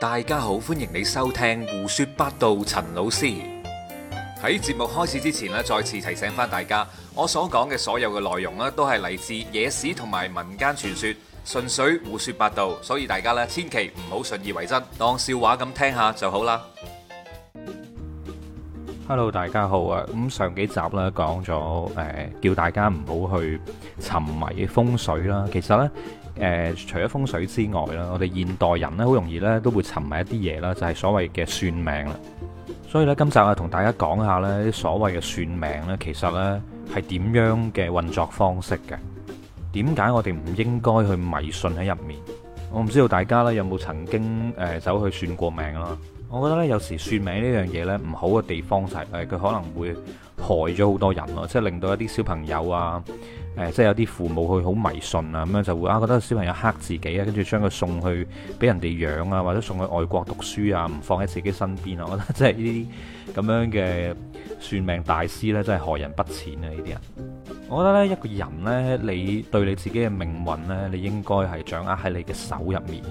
大家好，歡迎你收聽胡說八道。陳老師喺節目開始之前咧，再次提醒返大家，我所講嘅所有嘅內容咧，都係嚟自野史同埋民間傳說，純粹胡說八道，所以大家咧千祈唔好信以為真，當笑話咁聽下就好啦。Hello，大家好啊！咁上幾集咧講咗誒，叫大家唔好去沉迷風水啦。其實咧。誒、呃，除咗風水之外啦，我哋現代人咧，好容易咧都會沉迷一啲嘢啦，就係、是、所謂嘅算命啦。所以咧，今集我，同大家講下咧，所謂嘅算命咧，其實咧係點樣嘅運作方式嘅？點解我哋唔應該去迷信喺入面？我唔知道大家咧有冇曾經誒、呃、走去算過命啦？我覺得咧，有時算命呢樣嘢呢，唔好嘅地方就係誒，佢可能會害咗好多人咯，即係令到一啲小朋友啊，誒，即係有啲父母去好迷信啊，咁樣就會啊覺得小朋友黑自己啊，跟住將佢送去俾人哋養啊，或者送去外國讀書啊，唔放喺自己身邊啊，我覺得即係呢啲咁樣嘅算命大師呢，真係害人不淺啊！呢啲人。我覺得咧，一個人呢，你對你自己嘅命運呢，你應該係掌握喺你嘅手入面嘅。誒、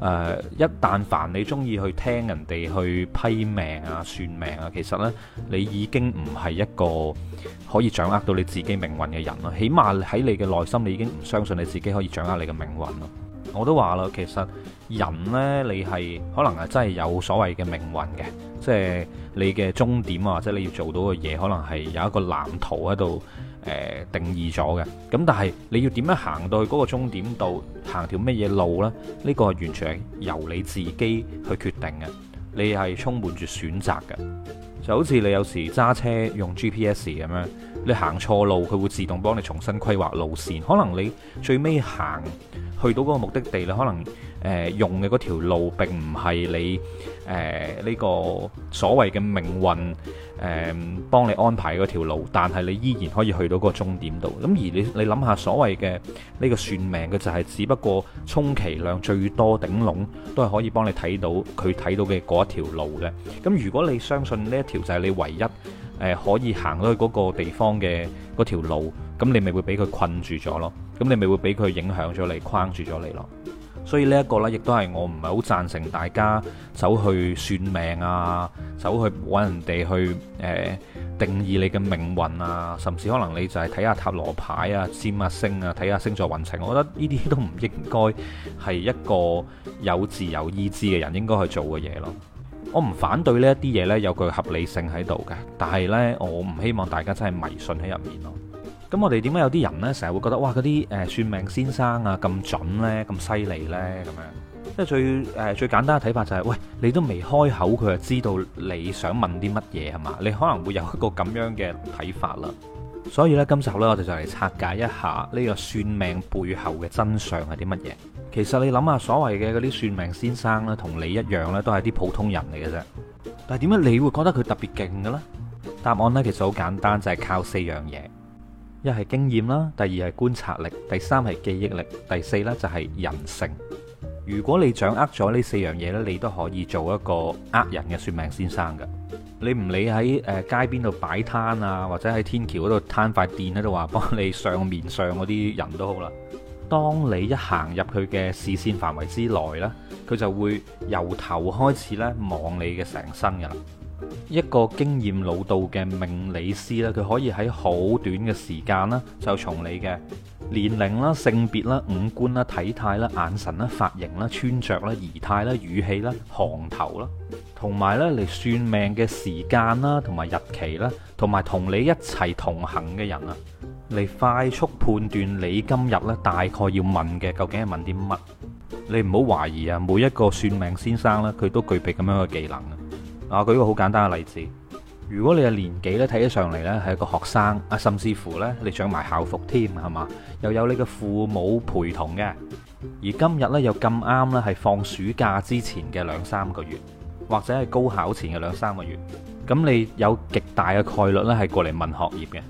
呃，一但凡你中意去聽人哋去批命啊、算命啊，其實呢，你已經唔係一個可以掌握到你自己命運嘅人咯。起碼喺你嘅內心，你已經唔相信你自己可以掌握你嘅命運咯。我都話啦，其實人呢，你係可能係真係有所謂嘅命運嘅，即係你嘅終點啊，或者你要做到嘅嘢，可能係有一個藍圖喺度。誒、呃、定義咗嘅，咁但係你要點樣行到去嗰個終點度，行條乜嘢路呢？呢個係完全係由你自己去決定嘅，你係充滿住選擇嘅。就好似你有時揸車用 GPS 咁樣，你行錯路，佢會自動幫你重新規劃路線。可能你最尾行去到嗰個目的地，你可能，誒、呃、用嘅嗰條路並唔係你誒呢、呃這個所謂嘅命運誒幫你安排嗰條路，但係你依然可以去到嗰個終點度。咁而你你諗下所謂嘅呢個算命嘅就係只不過充其量最多頂籠都係可以幫你睇到佢睇到嘅嗰一條路嘅。咁如果你相信呢一條就係你唯一誒、呃、可以行到去嗰個地方嘅嗰條路，咁你咪會俾佢困住咗咯。咁你咪會俾佢影響咗你框住咗你咯。所以呢一個呢，亦都係我唔係好贊成大家走去算命啊，走去揾人哋去誒、呃、定義你嘅命運啊，甚至可能你就係睇下塔羅牌啊、占啊星啊、睇下星座運程，我覺得呢啲都唔應該係一個有自由意志嘅人應該去做嘅嘢咯。我唔反對呢一啲嘢呢有具合理性喺度嘅，但係呢，我唔希望大家真係迷信喺入面咯。咁我哋點解有啲人呢？成日會覺得哇，嗰啲誒算命先生啊咁準呢、咁犀利呢，咁樣，即係最誒最簡單嘅睇法就係，喂，你都未開口，佢就知道你想問啲乜嘢係嘛？你可能會有一個咁樣嘅睇法啦。所以呢，今集呢，我哋就嚟拆解一下呢個算命背後嘅真相係啲乜嘢。其實你諗下，所謂嘅嗰啲算命先生呢，同你一樣呢，都係啲普通人嚟嘅啫。但係點解你會覺得佢特別勁嘅咧？答案呢，其實好簡單，就係靠四樣嘢。一係經驗啦，第二係觀察力，第三係記憶力，第四呢就係人性。如果你掌握咗呢四樣嘢呢，你都可以做一個呃人嘅算命先生嘅。你唔理喺誒街邊度擺攤啊，或者喺天橋嗰度攤塊墊喺度話幫你上面上嗰啲人都好啦。當你一行入佢嘅視線範圍之內呢，佢就會由頭開始咧望你嘅成身人。一個經驗老道嘅命理師咧，佢可以喺好短嘅時間啦，就從你嘅年齡啦、性別啦、五官啦、體態啦、眼神啦、髮型啦、穿着啦、儀態啦、語氣啦、行頭啦，同埋咧嚟算命嘅時間啦，同埋日期啦，同埋同你一齊同行嘅人啊，嚟快速判斷你今日咧大概要問嘅究竟係問啲乜？你唔好懷疑啊，每一個算命先生咧，佢都具備咁樣嘅技能啊。嗱，舉個好簡單嘅例子，如果你嘅年紀咧睇起上嚟咧係一個學生，啊，甚至乎咧你着埋校服添，係嘛？又有你嘅父母陪同嘅，而今日咧又咁啱咧係放暑假之前嘅兩三個月，或者係高考前嘅兩三個月，咁你有極大嘅概率咧係過嚟問學業嘅，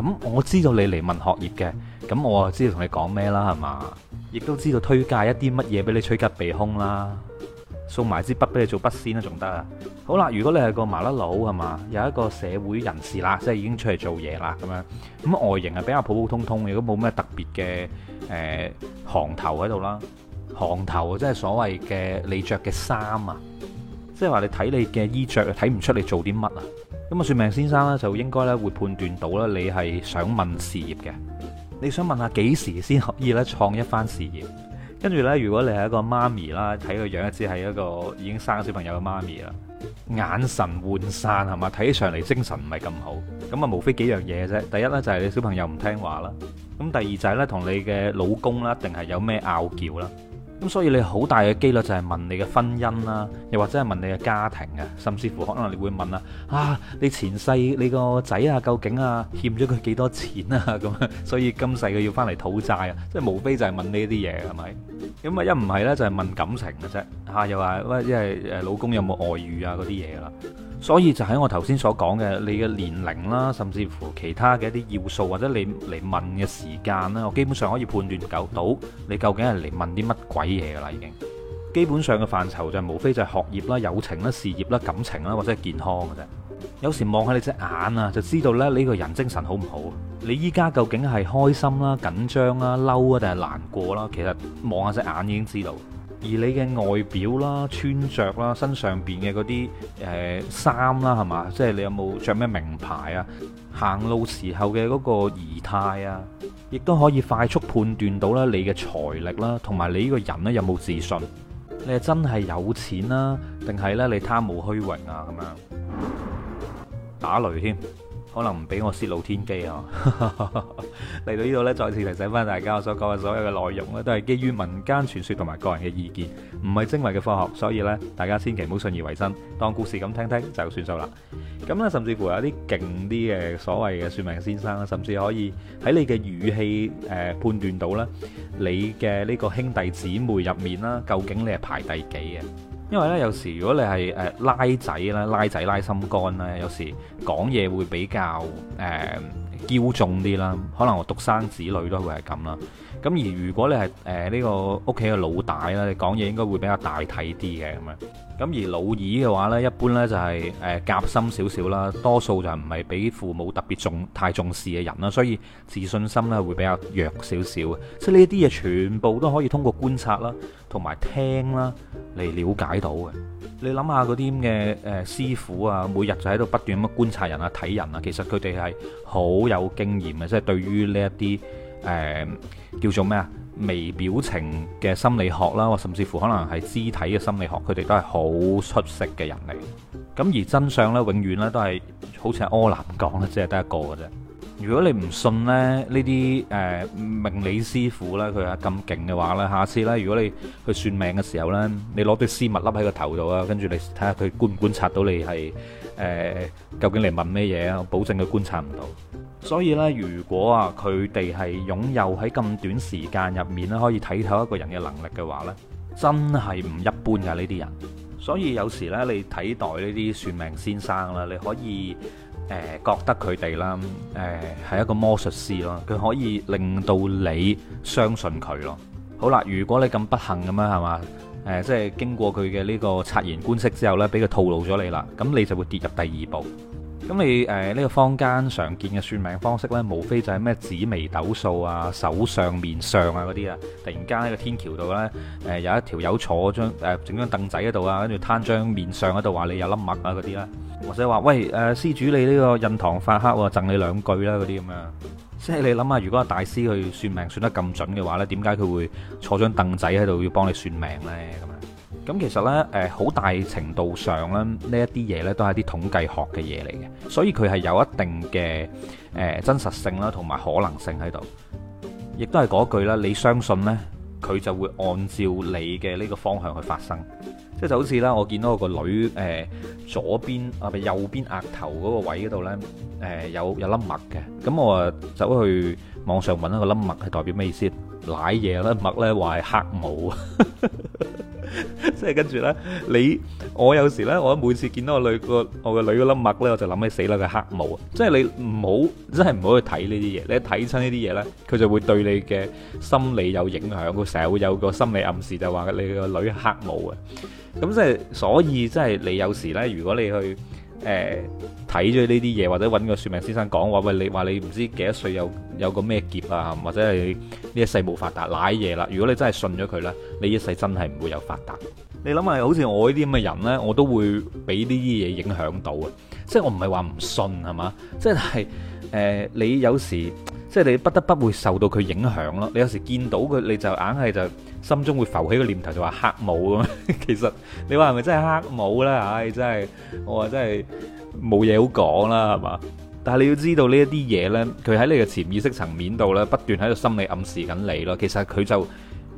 咁我知道你嚟問學業嘅，咁我啊知道同你講咩啦，係嘛？亦都知道推介一啲乜嘢俾你趨吉避凶啦。送埋支筆俾你做筆仙都仲得啊！好啦，如果你係個麻甩佬，係嘛，有一個社會人士啦，即係已經出嚟做嘢啦咁樣，咁外形係比較普普通通，如果冇咩特別嘅誒行頭喺度啦，行頭，行頭即係所謂嘅你着嘅衫啊，即係話你睇你嘅衣着，睇唔出你做啲乜啊，咁啊算命先生呢，就應該咧會判斷到啦，你係想問事業嘅，你想問下幾時先可以咧創一番事業？跟住呢，如果你係一個媽咪啦，睇佢樣一知係一個已經生咗小朋友嘅媽咪啦，眼神渙散係嘛，睇起上嚟精神唔係咁好，咁啊無非幾樣嘢啫。第一呢，就係你小朋友唔聽話啦，咁第二就係咧同你嘅老公啦，定係有咩拗撬啦。咁所以你好大嘅機率就係問你嘅婚姻啦，啊，又或者係問你嘅家庭啊，甚至乎可能你會問啊，啊你前世你個仔啊究竟啊欠咗佢幾多錢啊咁，所以今世佢要翻嚟討債啊，即係無非就係問呢啲嘢係咪？咁啊一唔係呢，就係、是、問感情嘅啫，嚇、啊、又話喂，因為老公有冇外遇啊嗰啲嘢啦。所以就喺我頭先所講嘅，你嘅年齡啦，甚至乎其他嘅一啲要素，或者你嚟問嘅時間啦，我基本上可以判斷夠到你究竟係嚟問啲乜鬼嘢噶啦，已經。基本上嘅範疇就係無非就係學業啦、友情啦、事業啦、感情啦，或者係健康嘅啫。有時望下你隻眼啊，就知道咧呢個人精神好唔好。你依家究竟係開心啦、緊張啦、嬲啊定係難過啦？其實望下隻眼已經知道。而你嘅外表啦、穿着啦、身上邊嘅嗰啲誒衫啦，係、呃、嘛？即係你有冇着咩名牌啊？行路時候嘅嗰個儀態啊，亦都可以快速判斷到啦，你嘅財力啦，同埋你呢個人咧有冇自信？你係真係有錢啦，定係咧你貪慕虛榮啊？咁樣打雷添。可能唔俾我泄露天機啊！嚟到呢度咧，再次提醒翻大家，我所講嘅所有嘅內容咧，都係基於民間傳說同埋個人嘅意見，唔係精微嘅科學，所以咧，大家千祈唔好信以為真，當故事咁聽聽就算數啦。咁咧，甚至乎有啲勁啲嘅所謂嘅算命先生，甚至可以喺你嘅語氣誒判斷到咧，你嘅呢個兄弟姊妹入面啦，究竟你係排第幾嘅？因為咧，有時如果你係誒拉仔啦，拉仔，拉仔，拉心肝啦，有時講嘢會比較誒嬌縱啲啦。可能我獨生子女都會係咁啦。咁、啊、而如果你係誒呢個屋企嘅老大啦，你講嘢應該會比較大體啲嘅咁樣。咁而老二嘅話呢，一般呢就係誒夾心少少啦，多數就唔係俾父母特別重太重視嘅人啦，所以自信心呢會比較弱少少嘅。即係呢啲嘢全部都可以通過觀察啦，同埋聽啦嚟了解到嘅。你諗下嗰啲嘅誒師傅啊，每日就喺度不斷咁觀察人啊、睇人啊，其實佢哋係好有經驗嘅，即係對於呢一啲誒叫做咩啊？微表情嘅心理學啦，甚至乎可能係肢體嘅心理學，佢哋都係好出色嘅人嚟。咁而真相呢，永遠呢都係好似阿柯南講咧，即係得一個嘅啫。如果你唔信咧，呢啲誒命理師傅呢，佢係咁勁嘅話呢，下次呢，如果你去算命嘅時候呢，你攞對絲襪笠喺個頭度啊，跟住你睇下佢觀唔觀察到你係誒、呃、究竟嚟問咩嘢啊？保證佢觀察唔到。所以咧，如果啊，佢哋係擁有喺咁短時間入面咧，可以睇透一個人嘅能力嘅話呢，真係唔一般嘅呢啲人。所以有時呢，你睇待呢啲算命先生啦，你可以誒、呃、覺得佢哋啦，誒、呃、係一個魔術師咯，佢可以令到你相信佢咯。好啦，如果你咁不幸咁樣係嘛，誒、呃、即係經過佢嘅呢個察言觀色之後呢，俾佢套路咗你啦，咁你就會跌入第二步。咁你誒呢、呃、這個坊間常見嘅算命方式呢，無非就係咩紫微斗數啊、手上面上啊嗰啲啊。突然間喺個天橋度呢，誒、呃、有一條友坐張誒、呃、整張凳仔喺度啊，跟住攤張面上喺度話你有粒墨啊嗰啲啦，或者話喂誒，施、呃、主你呢個印堂發黑喎，贈你兩句啦嗰啲咁樣。即係你諗下，如果大師去算命算得咁準嘅話呢，點解佢會坐張凳仔喺度要幫你算命呢？咁其實咧，誒好大程度上咧，呢一啲嘢咧都係一啲統計學嘅嘢嚟嘅，所以佢係有一定嘅誒真實性啦，同埋可能性喺度，亦都係嗰句啦，你相信咧，佢就會按照你嘅呢個方向去發生，即係就好似啦，我見到我個女誒左邊啊，唔係右邊額頭嗰個位嗰度咧，誒有有粒墨嘅，咁我啊走去網上揾嗰粒墨係代表咩意思？瀨嘢粒墨咧話係黑毛啊。即係 跟住呢，你我有時呢，我每次見到我女個我個女嗰粒癦呢，我就諗起死啦，佢黑毛啊！即係你唔好，真係唔好去睇呢啲嘢。你一睇親呢啲嘢呢，佢就會對你嘅心理有影響。佢成日會有個心理暗示，就話你個女黑毛啊。咁即係，所以即係你有時呢，如果你去，誒，睇咗呢啲嘢，或者搵個算命先生講話，喂，你話你唔知幾多歲有有個咩劫啊？或者係呢一世冇發達，瀨嘢啦！如果你真係信咗佢咧，你一世真係唔會有發達。 你諗下，好似我呢啲咁嘅人呢，我都會俾呢啲嘢影響到啊！即係我唔係話唔信係嘛，即係誒、呃，你有時。即係你不得不會受到佢影響咯。你有時見到佢，你就硬係就心中會浮起個念頭，就話黑霧咁。其實你話係咪真係黑霧咧？唉，真係我話真係冇嘢好講啦，係嘛？但係你要知道呢一啲嘢咧，佢喺你嘅潛意識層面度咧，不斷喺度心理暗示緊你咯。其實佢就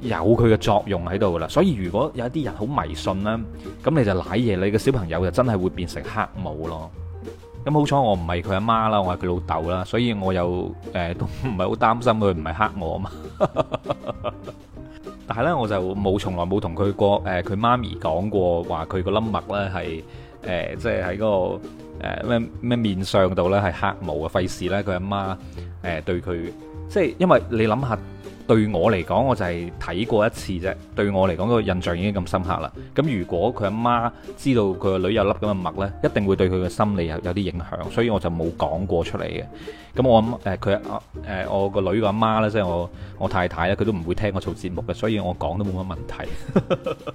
有佢嘅作用喺度噶啦。所以如果有一啲人好迷信啦，咁你就瀨嘢，你嘅小朋友就真係會變成黑霧咯。咁好彩我唔係佢阿媽啦，我係佢老豆啦，所以我又誒、呃、都唔係好擔心佢唔係黑我啊嘛 但呢。但係咧，我就冇從來冇同佢過誒佢、呃、媽咪講過話佢、呃嗰個粒癦咧係誒即係喺嗰個咩咩面相上度咧係黑毛嘅，費事咧佢阿媽誒、呃、對佢即係，因為你諗下。對我嚟講，我就係睇過一次啫。對我嚟講，這個印象已經咁深刻啦。咁如果佢阿媽知道佢個女有粒咁嘅癦呢，一定會對佢嘅心理有有啲影響。所以我就冇講過出嚟嘅。咁我阿佢阿我個女個阿媽呢，即係我我太太呢，佢都唔會聽我做節目嘅，所以我講都冇乜問題。咁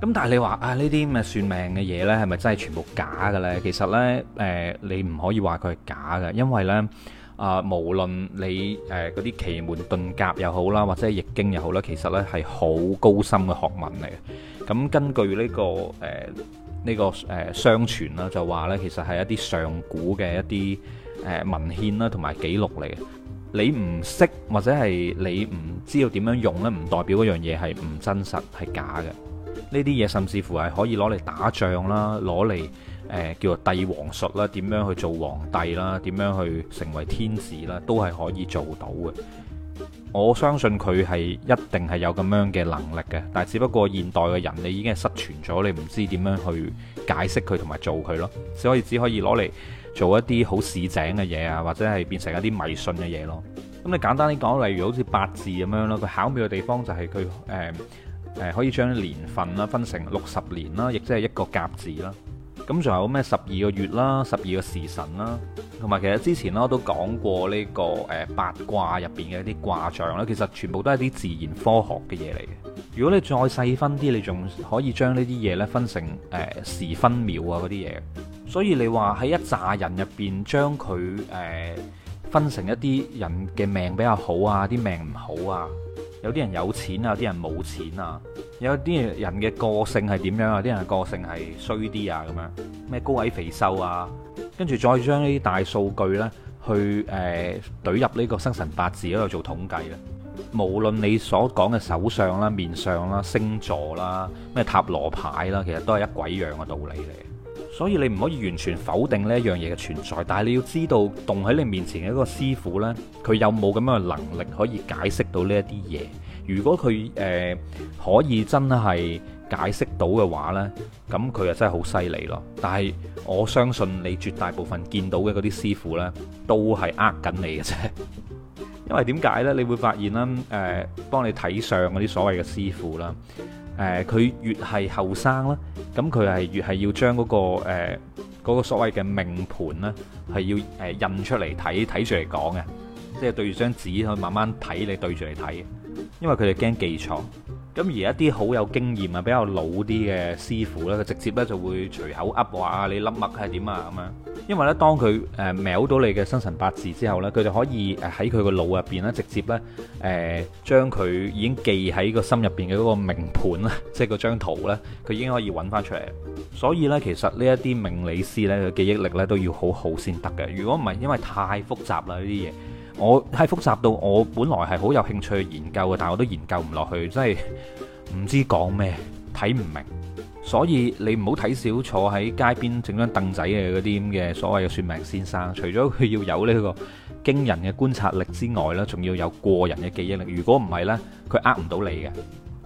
但係你話啊，呢啲咁算命嘅嘢呢，係咪真係全部假嘅呢？其實呢，誒、呃，你唔可以話佢係假嘅，因為呢。啊，無論你誒嗰啲奇門遁甲又好啦，或者易經又好啦，其實呢係好高深嘅學問嚟嘅。咁根據呢個誒呢個誒相傳啦，就話呢其實係一啲上古嘅一啲誒文獻啦同埋記錄嚟嘅。你唔識或者係你唔知道點樣用呢，唔代表嗰樣嘢係唔真實係假嘅。呢啲嘢甚至乎係可以攞嚟打仗啦，攞嚟。誒，叫做帝王術啦，點樣去做皇帝啦，點樣去成為天子啦，都係可以做到嘅。我相信佢係一定係有咁樣嘅能力嘅，但係只不過現代嘅人你已經係失傳咗，你唔知點樣去解釋佢同埋做佢咯，只可以只可以攞嚟做一啲好市井嘅嘢啊，或者係變成一啲迷信嘅嘢咯。咁你簡單啲講，例如好似八字咁樣咯，佢巧妙嘅地方就係佢誒誒，可以將年份啦分成六十年啦，亦即係一個甲子啦。咁仲有咩十二個月啦，十二個時辰啦，同埋其實之前我都講過呢個誒八卦入邊嘅一啲卦象啦，其實全部都係啲自然科學嘅嘢嚟嘅。如果你再細分啲，你仲可以將呢啲嘢咧分成誒、呃、時分秒啊嗰啲嘢。所以你話喺一紮人入邊將佢誒、呃、分成一啲人嘅命比較好啊，啲命唔好啊。有啲人有錢啊，有啲人冇錢啊，有啲人嘅個性係點樣啊？有啲人個性係衰啲啊咁樣，咩高矮肥瘦啊，跟住再將呢啲大數據呢去誒懟、呃、入呢個生辰八字嗰度做統計啦。無論你所講嘅手相啦、面相啦、星座啦、咩塔羅牌啦，其實都係一鬼樣嘅道理嚟。所以你唔可以完全否定呢一樣嘢嘅存在，但係你要知道，動喺你面前嘅一個師傅呢，佢有冇咁樣嘅能力可以解釋到呢一啲嘢？如果佢誒、呃、可以真係解釋到嘅話呢，咁佢又真係好犀利咯。但係我相信你絕大部分見到嘅嗰啲師傅呢，都係呃緊你嘅啫。因為點解呢？你會發現咧，誒、呃，幫你睇相嗰啲所謂嘅師傅啦。誒佢、呃、越係後生咧，咁佢係越係要將嗰、嗰個誒、呃、嗰個、所謂嘅命盤咧，係要誒印出嚟睇睇住嚟講嘅，即係對住張紙去慢慢睇，你對住嚟睇，因為佢哋驚記錯。咁而一啲好有經驗啊、比較老啲嘅師傅咧，佢直接咧就會隨口噏話你粒墨係點啊咁樣。因為咧，當佢誒瞄到你嘅生辰八字之後呢，佢就可以誒喺佢個腦入邊咧，直接咧誒將佢已經記喺個心入邊嘅嗰個命盤，即係嗰張圖咧，佢已經可以揾翻出嚟。所以呢，其實呢一啲命理師呢，嘅記憶力咧都要好好先得嘅。如果唔係，因為太複雜啦呢啲嘢，我係複雜到我本來係好有興趣去研究嘅，但我都研究唔落去，真係唔知講咩，睇唔明。所以你唔好睇小坐喺街邊整張凳仔嘅嗰啲咁嘅所謂嘅算命先生，除咗佢要有呢個驚人嘅觀察力之外呢，仲要有過人嘅記憶力。如果唔係呢佢呃唔到你嘅。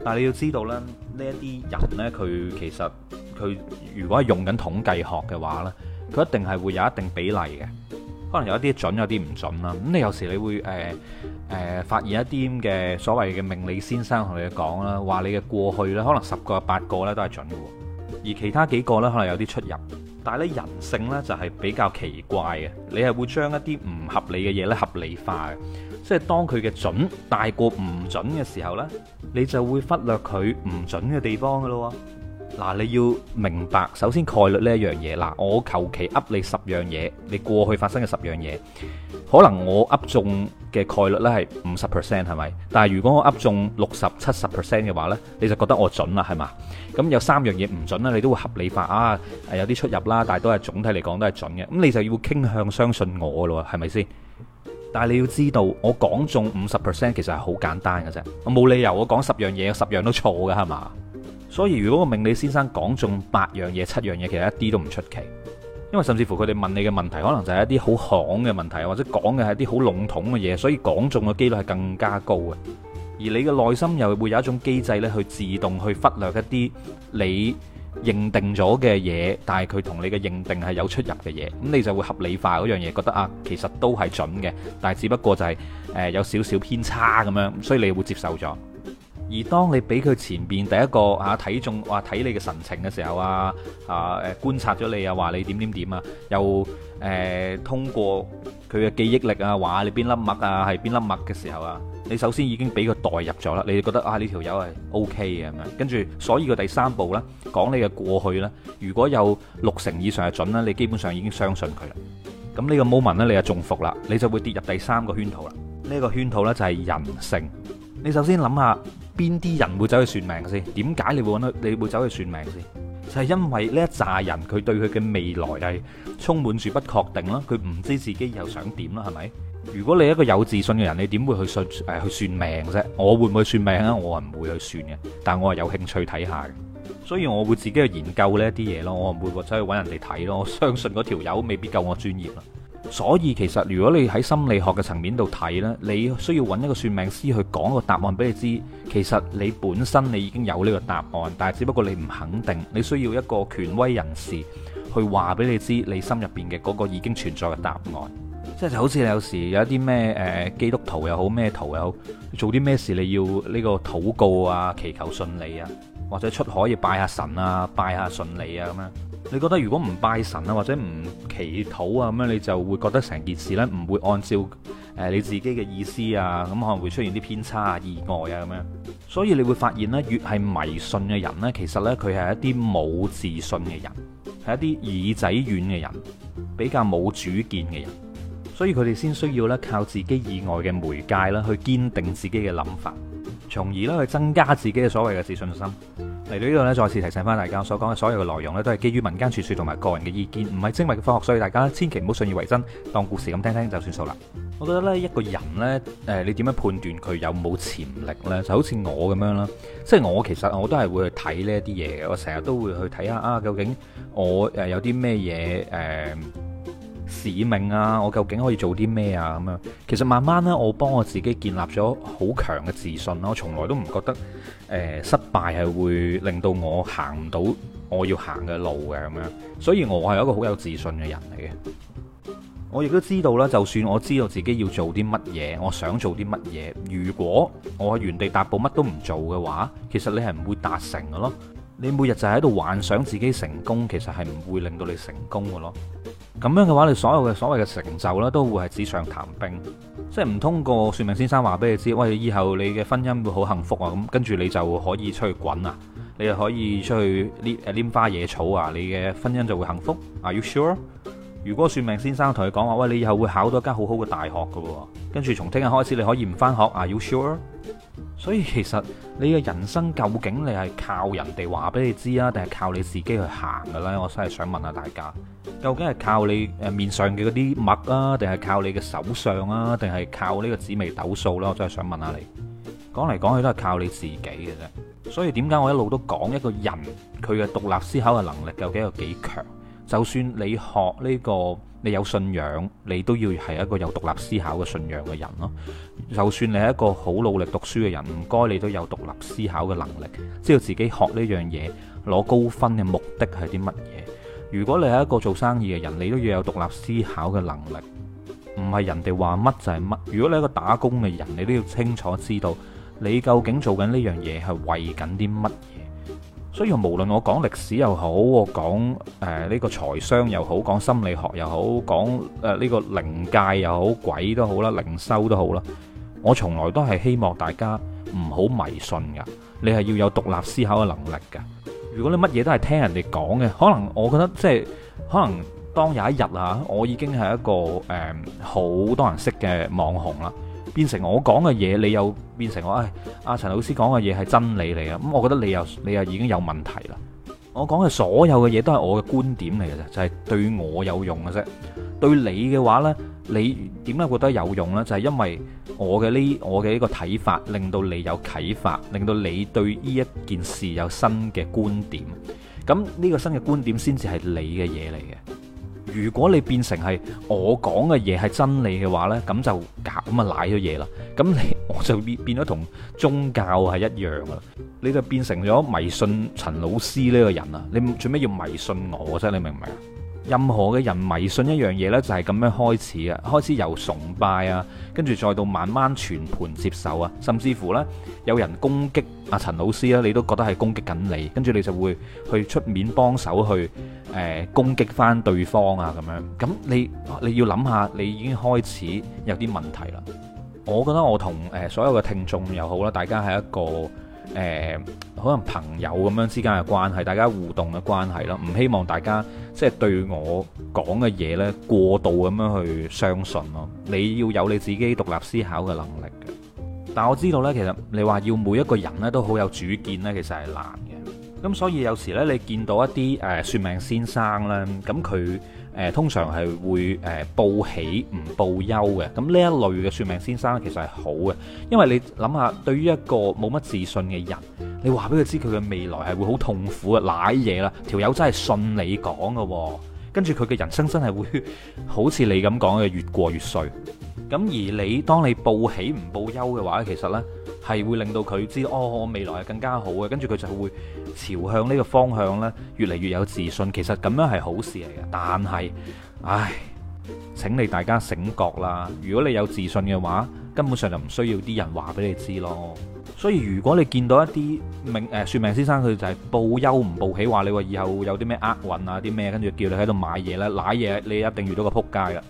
但係你要知道咧，呢一啲人呢，佢其實佢如果係用緊統計學嘅話呢，佢一定係會有一定比例嘅。可能有一啲準，有啲唔準啦。咁你有時你會誒誒、呃呃、發現一啲嘅所謂嘅命理先生同你講啦，話你嘅過去咧，可能十個八個咧都係準嘅，而其他幾個咧可能有啲出入。但係咧人性呢，就係比較奇怪嘅，你係會將一啲唔合理嘅嘢咧合理化嘅，即係當佢嘅準大過唔準嘅時候呢，你就會忽略佢唔準嘅地方㗎咯。嗱，你要明白首先概率呢一樣嘢。嗱，我求其噏你十樣嘢，你過去發生嘅十樣嘢，可能我噏中嘅概率咧係五十 percent，係咪？但係如果我噏中六十七十 percent 嘅話呢，你就覺得我準啦，係嘛？咁有三樣嘢唔準咧，你都會合理化啊，有啲出入啦，但係都係總體嚟講都係準嘅。咁你就要傾向相信我咯喎，係咪先？但係你要知道，我講中五十 percent 其實係好簡單㗎啫，我冇理由我講十樣嘢，十樣都錯㗎，係嘛？是所以如果個命理先生講中八樣嘢，七樣嘢，其實一啲都唔出奇，因為甚至乎佢哋問你嘅問題，可能就係一啲好巷嘅問題，或者講嘅係一啲好籠統嘅嘢，所以講中嘅幾率係更加高嘅。而你嘅內心又會有一種機制咧，去自動去忽略一啲你認定咗嘅嘢，但係佢同你嘅認定係有出入嘅嘢，咁你就會合理化嗰樣嘢，覺得啊其實都係準嘅，但係只不過就係、是、誒、呃、有少少偏差咁樣，所以你會接受咗。而當你俾佢前邊第一個啊睇中，話、啊、睇你嘅神情嘅時候啊，啊、呃、誒觀察咗你啊，話你點點點啊，又誒、呃、通過佢嘅記憶力啊，話你邊粒物，啊係邊粒物嘅時候啊，你首先已經俾佢代入咗啦，你覺得啊呢條友係 OK 嘅咁樣，跟住，所以佢第三步呢，講你嘅過去呢，如果有六成以上嘅準呢，你基本上已經相信佢啦。咁呢個 moment 呢，你就中伏啦，你就會跌入第三個圈套啦。呢個圈套呢，就係人性。你首先諗下。邊啲人會走去算命先？點解你會搵去？你會走去算命先？就係因為呢一紮人佢對佢嘅未來係充滿住不確定啦，佢唔知自己又想點啦，係咪？如果你一個有自信嘅人，你點會去算誒去算命啫？我會唔會算命啊？我係唔會去算嘅，但我係有興趣睇下嘅，所以我會自己去研究呢一啲嘢咯。我唔會走去揾人哋睇咯。我相信嗰條友未必夠我專業啦。所以其實如果你喺心理學嘅層面度睇咧，你需要揾一個算命師去講個答案俾你知，其實你本身你已經有呢個答案，但係只不過你唔肯定，你需要一個權威人士去話俾你知你心入邊嘅嗰個已經存在嘅答案，即係好似你有時有一啲咩誒基督徒又好咩徒又好，做啲咩事你要呢個禱告啊祈求順利啊，或者出海亦拜下神啊拜下順利啊咁樣。你覺得如果唔拜神啊，或者唔祈禱啊，咁樣你就會覺得成件事呢唔會按照誒你自己嘅意思啊，咁可能會出現啲偏差啊、意外啊咁樣。所以你會發現咧，越係迷信嘅人呢，其實呢，佢係一啲冇自信嘅人，係一啲耳仔軟嘅人，比較冇主見嘅人。所以佢哋先需要咧靠自己以外嘅媒介啦，去堅定自己嘅諗法，從而咧去增加自己嘅所謂嘅自信心。嚟到呢度咧，再次提醒翻大家，所講嘅所有嘅內容咧，都係基於民間傳說同埋個人嘅意見，唔係精密嘅科學，所以大家千祈唔好信以為真，當故事咁聽聽就算數啦。我覺得咧，一個人咧，誒，你點樣判斷佢有冇潛力呢？就好似我咁樣啦，即係我其實我都係會去睇呢一啲嘢嘅，我成日都會去睇下啊，究竟我誒有啲咩嘢誒？呃使命啊！我究竟可以做啲咩啊？咁樣，其實慢慢咧，我幫我自己建立咗好強嘅自信咯。我從來都唔覺得誒、呃、失敗係會令到我行唔到我要行嘅路嘅咁樣，所以我係一個好有自信嘅人嚟嘅。我亦都知道啦，就算我知道自己要做啲乜嘢，我想做啲乜嘢，如果我原地踏步乜都唔做嘅話，其實你係唔會達成嘅咯。你每日就喺度幻想自己成功，其實係唔會令到你成功嘅咯。咁樣嘅話，你所有嘅所謂嘅成就咧，都會係紙上談兵，即係唔通過算命先生話俾你知，喂，以後你嘅婚姻會好幸福啊，咁跟住你就可以出去滾啊，你又可以出去拈、誒拈花惹草啊，你嘅婚姻就會幸福？Are you sure？如果算命先生同你講話，喂，你以後會考到一間好好嘅大學噶，啊，跟住從聽日開始你可以唔翻學？Are you sure？所以其實你嘅人生究竟你係靠人哋話俾你知啊，定係靠你自己去行嘅咧？我真係想問下大家，究竟係靠你誒面上嘅嗰啲墨啊，定係靠你嘅手相啊，定係靠呢個紫微斗數咧？我真係想問下你。講嚟講去都係靠你自己嘅啫。所以點解我一路都講一個人佢嘅獨立思考嘅能力究竟有幾強？就算你學呢個。你有信仰，你都要係一個有獨立思考嘅信仰嘅人咯。就算你係一個好努力讀書嘅人，唔該你都有獨立思考嘅能力，知道自己學呢樣嘢攞高分嘅目的係啲乜嘢。如果你係一個做生意嘅人，你都要有獨立思考嘅能力，唔係人哋話乜就係乜。如果你係一個打工嘅人，你都要清楚知道你究竟做緊呢樣嘢係為緊啲乜。所以無論我講歷史又好，我講誒呢個財商又好，講心理學又好，講誒呢個靈界又好，鬼都好啦，靈修都好啦，我從來都係希望大家唔好迷信㗎，你係要有獨立思考嘅能力㗎。如果你乜嘢都係聽人哋講嘅，可能我覺得即係可能當有一日啊，我已經係一個誒好多人識嘅網紅啦。變成我講嘅嘢，你又變成我。唉，阿陳老師講嘅嘢係真理嚟嘅。咁我覺得你又你又已經有問題啦。我講嘅所有嘅嘢都係我嘅觀點嚟嘅啫，就係對我有用嘅啫。對你嘅話呢，你點解覺得有用呢？就係因為我嘅呢我嘅呢個睇法，令到你有啟發，令到你對呢一件事有新嘅觀點。咁呢個新嘅觀點先至係你嘅嘢嚟嘅。如果你變成係我講嘅嘢係真理嘅話呢，咁就咁啊，賴咗嘢啦。咁你我就變變咗同宗教係一樣噶啦，你就變成咗迷信陳老師呢個人啊！你做咩要迷信我啫？你明唔明？任何嘅人迷信一樣嘢呢就係咁樣開始啊！開始由崇拜啊，跟住再到慢慢全盤接受啊，甚至乎咧有人攻擊阿陳老師啊，你都覺得係攻擊緊你，跟住你就會去出面幫手去誒、呃、攻擊翻對方啊咁樣。咁你你要諗下，你已經開始有啲問題啦。我覺得我同誒所有嘅聽眾又好啦，大家係一個。誒，可能朋友咁樣之間嘅關係，大家互動嘅關係啦，唔希望大家即係、就是、對我講嘅嘢咧過度咁樣去相信咯。你要有你自己獨立思考嘅能力嘅。但我知道呢，其實你話要每一個人咧都好有主見咧，其實係難嘅。咁所以有時呢，你見到一啲誒、呃、算命先生呢，咁佢。誒通常係會誒報喜唔報憂嘅，咁呢一類嘅算命先生其實係好嘅，因為你諗下，對於一個冇乜自信嘅人，你話俾佢知佢嘅未來係會好痛苦啊，瀨嘢啦，條友真係信你講嘅喎，跟住佢嘅人生真係會好似你咁講嘅越過越衰。咁而你當你報喜唔報憂嘅話，其實呢係會令到佢知，哦，我未來係更加好嘅，跟住佢就係會朝向呢個方向呢，越嚟越有自信。其實咁樣係好事嚟嘅，但係，唉，請你大家醒覺啦！如果你有自信嘅話，根本上就唔需要啲人話俾你知咯。所以如果你見到一啲命誒算命先生，佢就係報憂唔報喜，話你話以後有啲咩厄運啊，啲咩，跟住叫你喺度買嘢呢、買嘢你一定遇到個撲街㗎。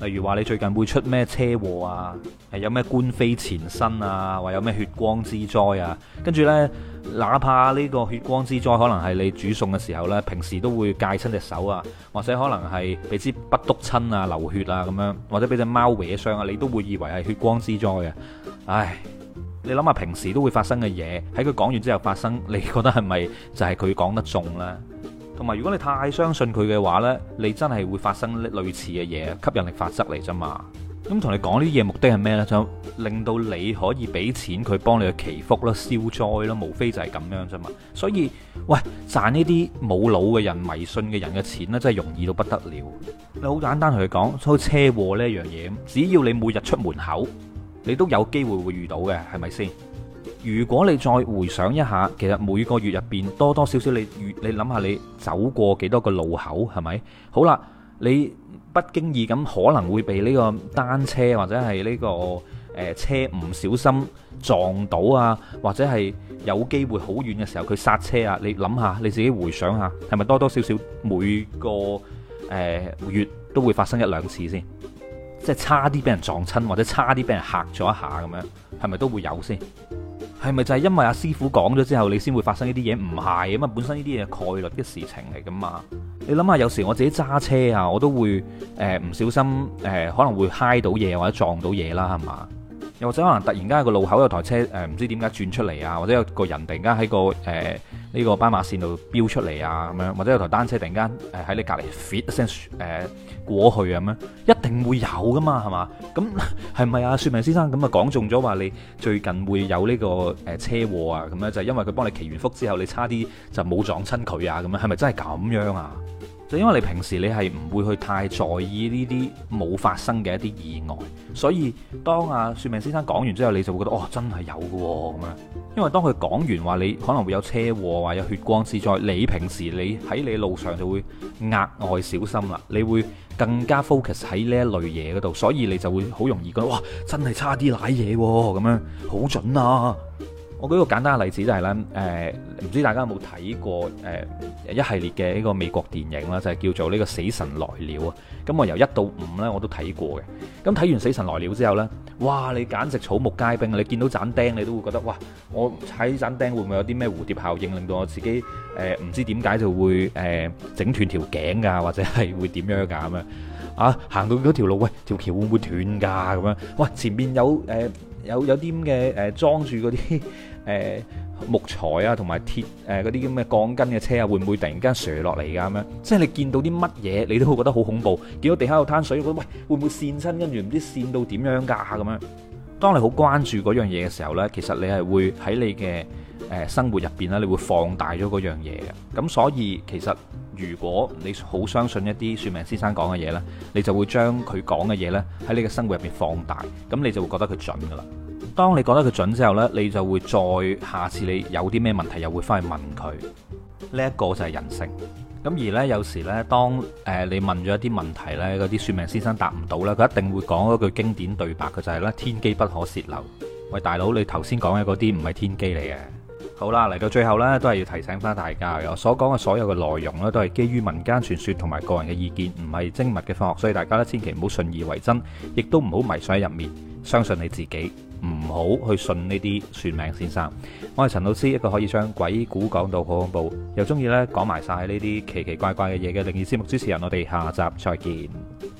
例如話你最近會出咩車禍啊？係有咩官非纏身啊？或有咩血光之災啊？跟住呢，哪怕呢個血光之災可能係你煮餸嘅時候呢，平時都會戒親隻手啊，或者可能係俾支筆督親啊，流血啊咁樣，或者俾隻貓搲傷啊，你都會以為係血光之災啊！唉，你諗下平時都會發生嘅嘢，喺佢講完之後發生，你覺得係咪就係佢講得中呢？同埋如果你太相信佢嘅話呢，你真係會發生類似嘅嘢，吸引力法則嚟啫嘛。咁、嗯、同你講呢啲嘢目的係咩呢？就令到你可以俾錢佢幫你去祈福啦、消災啦，無非就係咁樣啫嘛。所以喂，賺呢啲冇腦嘅人、迷信嘅人嘅錢呢，真係容易到不得了。你好簡單同佢講，所以車禍呢樣嘢，只要你每日出門口，你都有機會會遇到嘅，係咪先？如果你再回想一下，其實每個月入邊多多少少你，你你諗下，你走過幾多個路口，係咪好啦？你不經意咁可能會被呢個單車或者係呢、這個誒、呃、車唔小心撞到啊，或者係有機會好遠嘅時候佢剎車啊。你諗下你自己回想下，係咪多多少少每個誒、呃、月都會發生一兩次先，即係差啲俾人撞親或者差啲俾人嚇咗一下咁樣，係咪都會有先？係咪就係因為阿師傅講咗之後，你先會發生呢啲嘢？唔係啊嘛，因為本身呢啲嘢概率嘅事情嚟㗎嘛。你諗下，有時我自己揸車啊，我都會誒唔、呃、小心誒、呃，可能會嗨到嘢或者撞到嘢啦，係嘛。又或者可能突然間個路口有台車誒唔、呃、知點解轉出嚟啊，或者有個人突然間喺個誒呢、呃這個斑馬線度飆出嚟啊咁樣，或者有台單車突然間誒喺你隔籬 fit 一聲誒過去啊咁樣，一定會有噶嘛係嘛？咁係咪啊？算命先生咁啊講中咗話你最近會有呢、這個誒、呃、車禍啊咁樣，就係、因為佢幫你祈完福之後，你差啲就冇撞親佢啊咁樣，係咪真係咁樣啊？就因為你平時你係唔會去太在意呢啲冇發生嘅一啲意外，所以當阿、啊、算命先生講完之後，你就會覺得哦真係有嘅咁、哦、樣。因為當佢講完話你可能會有車禍、話有血光之災，你平時你喺你路上就會額外小心啦，你會更加 focus 喺呢一類嘢嗰度，所以你就會好容易覺得：哦「哇真係差啲舐嘢咁樣，好準啊！我舉一個簡單嘅例子就係咧，誒唔知大家有冇睇過誒一系列嘅呢個美國電影啦，就係叫做呢個《死神來了》啊。咁我由一到五咧我都睇過嘅。咁睇完《死神來了》之後咧，哇！你簡直草木皆兵啊！你見到盞釘，你都會覺得哇！我踩盞釘會唔會有啲咩蝴蝶效應，令到我自己誒唔知點解就會誒整斷條頸噶，或者係會點樣噶咁啊？啊，行到嗰條路，喂，條橋會唔會斷噶咁樣？哇！前面有誒～有有啲嘅誒裝住嗰啲誒木材啊，同埋鐵誒嗰啲咁嘅鋼筋嘅車啊，會唔會突然間墜落嚟㗎？咁樣即係你見到啲乜嘢，你都會覺得好恐怖。見到地下有灘水，覺得喂會唔會跣親，跟住唔知跣到點樣㗎咁樣。當你好關注嗰樣嘢嘅時候呢，其實你係會喺你嘅誒生活入邊咧，你會放大咗嗰樣嘢嘅。咁所以其實如果你好相信一啲算命先生講嘅嘢呢，你就會將佢講嘅嘢呢，喺你嘅生活入邊放大，咁你就會覺得佢準㗎啦。當你覺得佢準之後呢，你就會再，下次你有啲咩問題，又會翻去問佢。呢、這、一個就係人性。咁而呢，有時呢，當誒你問咗一啲問題呢，嗰啲算命先生答唔到呢，佢一定會講嗰句經典對白，佢就係、是、咧，天機不可泄漏。喂，大佬，你頭先講嘅嗰啲唔係天機嚟嘅。好啦，嚟到最後呢，都係要提醒翻大家，我所講嘅所有嘅內容呢，都係基於民間傳說同埋個人嘅意見，唔係精密嘅科學，所以大家咧千祈唔好信以為真，亦都唔好迷信喺入面，相信你自己。唔好去信呢啲算命先生。我係陳老師，一個可以將鬼故講到好恐怖，又中意咧講埋晒呢啲奇奇怪怪嘅嘢嘅靈異節目主持人。我哋下集再見。